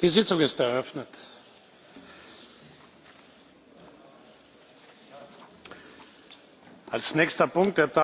die sitzung ist eröffnet. als nächster punkt